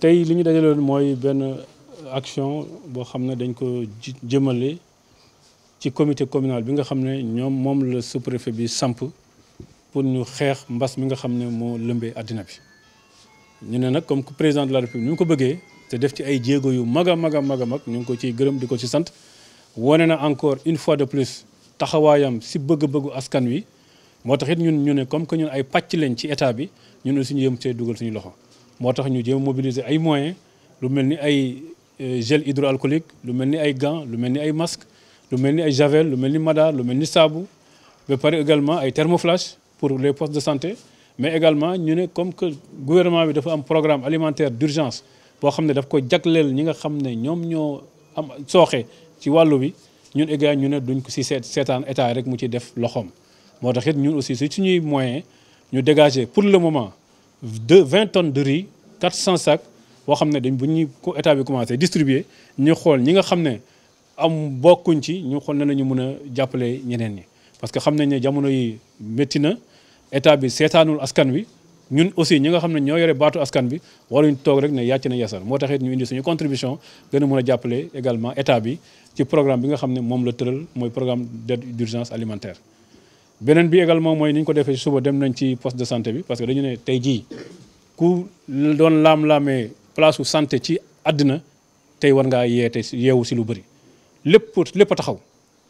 tey li ñu dajaloon action comité communal bi sous-préfet bi samp pour ñu xeex mbas mi nga xam ne moo lëmbee président de la république Nous ko def ci ay yu mag encore une fois de plus taxawaayam si bëgg-bëggu askan wi moo tax ñun nous comme que ñun ay lañ ci état bi ñun yëm moi tax ñu jëm mobiliser ay moyens lu melni ay euh, gel hydroalcoolique lu melni ay gants lu melni ay masques lu melni ay javel lu melni mada madar lu melni sabu be pare également ay thermoflash pour les postes de santé mais également ñu comme que gouvernement bi dafa am programme alimentaire d'urgence bo xamné daf ko jaglel ñi nga xam ne ñoo am soxé ci walu bi ñun égaay ñu duñ ko si seet état rek mu ci def loxom moo it ñun aussi si suñuy moyen ñu dégager pour le moment 20 tonnes de riz 400 sacs on xam distribuer nous avons ñi nga on ne am bokkuñ ci parce que nous avons jamono yi bi des askan aussi nous avons xam ne bateau askan bi na taxit ñu indi contribution gën a également état bi ci programme bi programme d'urgence alimentaire benen bi également mooy ni ñu ko defee ci suba dem nañ ci poste de santé bi parce que dañu né tay ji ku doon lam lamé place su santé ci adina tay war nga yété yewu ci lu bari lepp lepp taxaw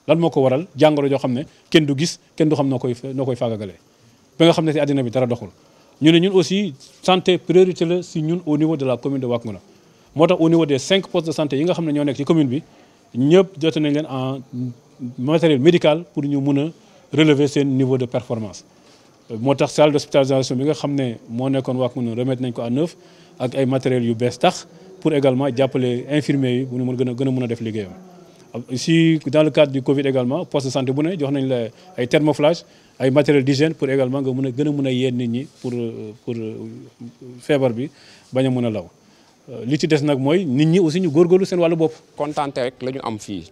lan moko waral jangoro jo xamné ne kenn du gis kenn du xam nokoy nokoy fagagalé koy ba nga xamné ci adina bi dara doxul ñu né ñun aussi santé priorité la si ñun au niveau de la commune de Wakunguna motax au niveau des 5 postes de santé yi nga xamné ñoo nek ci commune bi ñepp jot nañ leen en matériel médical pour ñu mëna relever ces niveaux de performance euh, moo tax salle d'hospitalisation bi nga xam ne remettre nañ ko à neuf ak ay matériels yu bees tax pour également jàppale infirmiers yi bu ñu mën gën a Ici, def si dans le cadre du Covid également poste de santé bu ne jox nañ la ay thermoflage ay matériel d'hygiène pour également nga nous a gën a mën nit ñi pour euh, pour euh, feebar bi bañ a law euh, li ci des nak nous nit ñi aussi ñu gorgolu seen rek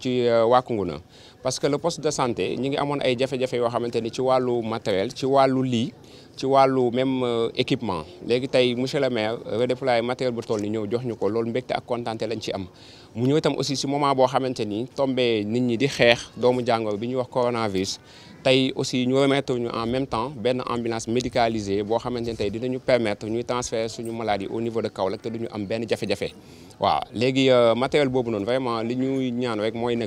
euh, parce que le poste de santé nous ngi amone ay jafé jafé à xamanteni ci walu matériel ci walu li ci walu même euh, équipement légui tay monsieur le maire redéployer matériel bu toll ni ñeu jox ak lañ ci am. mu aussi moment bo xamanteni tombé nit coronavirus tey aussi ñu remettre ñu en même temps ben ambulance médicalisée boo xamante ne tey dinañu permettre ñuy transférer suñu maladie au niveau de Kaolack te duñu am benn jafe-jafe waaw léegi euh, matériel boobu noonu vraiment li ñuy ñaan rek mooy ne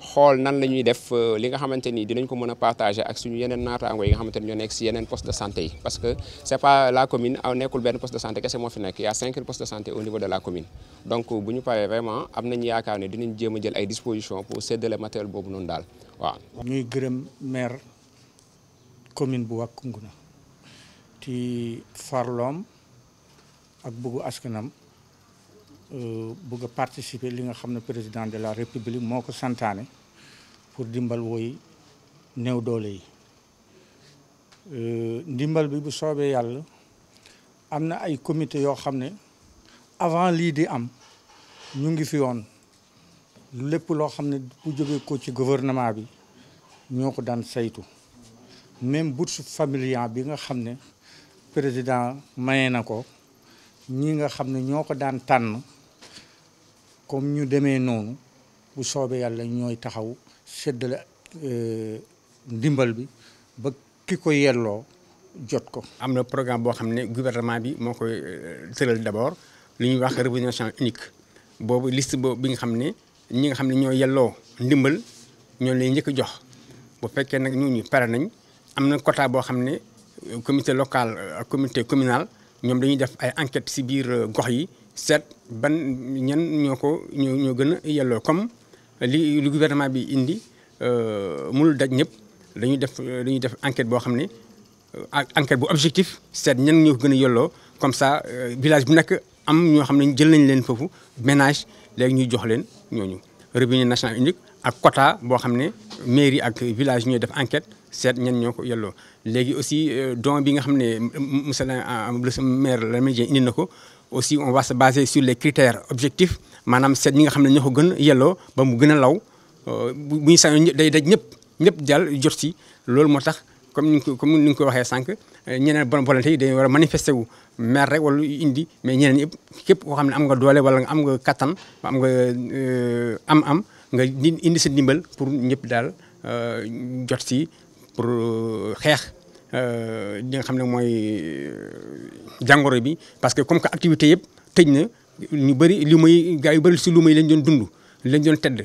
xol nan lañuy def euh, li nga xamanteni ni dinañ ko mëna partager ak suñu yenen nataango yi nga xamanteni ñoo nekk poste de santé yi parce que c'est pas la commune aw ah, nekkul ben poste de santé kese mo fi nekk y' a cinq postes de santé au niveau de la commune donc euh, buñu ñu vraiment am nañ yaakaar ne dinañ jëma jël ay dispositions pour séddale matériel bobu noonu dal wa ñuy gërëm maire commune bu nguna ti farlom ak bëggu askanam. Euh, bëgg a participer li nga xam ne président de la république moo ko santaane pour dimbal woy néew doole yi euh, ndimbal bi bu soobee yàlla am na ay commité yoo xam ne avant lii di am ñu ngi fi woon lépp loo xam ne bu jógee ko ci gouvernement bi ñoo ko daan saytu même bourse familiale bi nga xam ne président maye na ko ñi nga xam ne ñoo ko daan tànn comme ñu demee noonu bu soobee yàlla ñooy taxaw séddale euh, ndimbal bi ba ki ko yelloo jot ko. am na programme boo xam gouvernement bi moo koy euh, tëral d'abord lu ñuy wax revenu unique boobu liste boobu bi nga xam ne ñi nga xam ne ñoo yelloo ndimbal ñoo lay njëkk jox bu fekkee nag ñooñu pare nañ am quota boo xam euh, comité local comité communal ñoom dañuy def ay enquêtes ci biir gox yi. seet ban ñan ñoo ko ñoo gën a yelloo comme li lu gouvernement bi indi euh, mënul daj ñëpp dañuy def dañuy def enquête boo xam ne euh, enquête bu objectif seet ñan ñoo ko gën a yelloo comme ça euh, village bi nekk am ñoo xam ne jël nañ leen foofu ménage léegi ñuy jox leen ñooñu revenu national unique ak quota bo xamné mairie ak village ñooy def enquête seet ñan ñoko yello légui aussi euh, don bi nga xamné ne euh, monsieur le maire la Dieng indi nako aussi on va se baser sur les critères objectifs manam seet ñi nga xamné ñoko gën yello ba mu gën a law euh, bu ñu sañoon day daj ñëpp ñëpp daal jot ci lool motax comme ni ko comme ni nga ko waxee sànq euh, ñeneen bonne volonté yi dañu war a manifester wu mer rek wala indi mais ñeneen yëpp képp koo xam ne am nga doole wala nga am nga kattan am nga euh, am-am nga indi si ndimbal pour ñëpp daal euh, jot si pour xeex li nga xam ne mooy jàngoro bi. parce que comme que activité yëpp tëj na ñu bëri lu muy gaa yu bëri si lu muy lañ doon dund lañ doon tedd.